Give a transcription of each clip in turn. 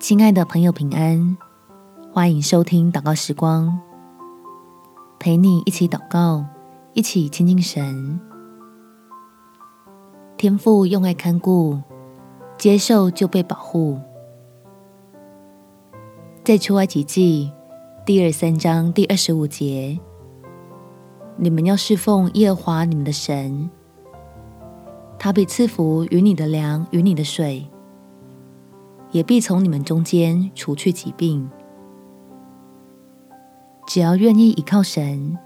親愛的朋友，平安！歡迎收聽禱告時光，陪你一起禱告，一起親近神。天父用愛看顧，接受就被保護。在出埃及記第二三章第二十五節，你們要侍奉耶和華你們的神，他必賜福與你的糧與你的水。也必從你們中間除去疾病。只要願意倚靠神，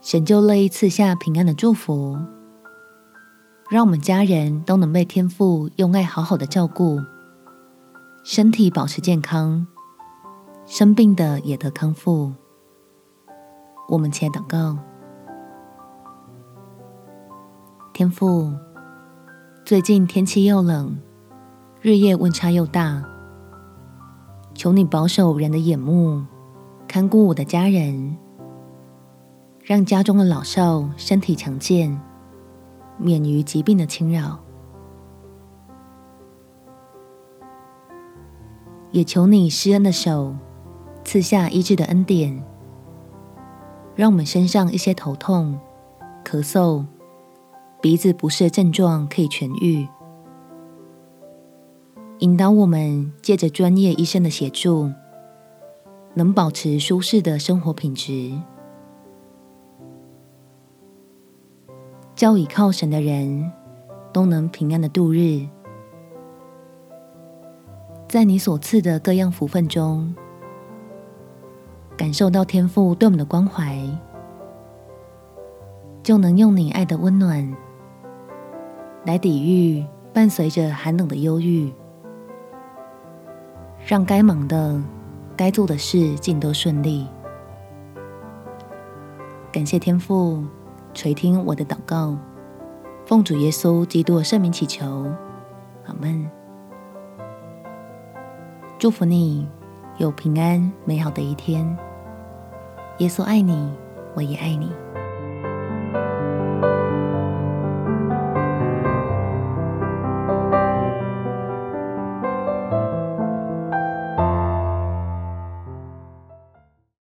神就樂意賜下平安的祝福，讓我們家人都能被天父用愛好好的照顧，身體保持健康，生病的也得康復。我們且禱告，天父，最近天氣又冷，日夜溫差又大，求你保守人的眼目，看顧我的家人，讓家中的老少身體強健，免於疾病的侵擾。也求你施恩的手，賜下醫治的恩典，讓我們身上一些頭痛、咳嗽、鼻子不適的症狀可以痊癒。引導我們借着專業醫生的協助，能保持舒適的生活品質。叫倚靠神的人都能平安地度日，在你所賜的各樣福分中，感受到天父對我們的關懷，就能用你愛的溫暖，來抵禦伴隨着寒冷的憂鬱。讓該忙的、該做的事盡都順利。感謝天父垂聽我的禱告，奉主耶穌基督的聖名祈求，阿門。祝福你有平安美好的一天。耶穌愛你，我也愛你。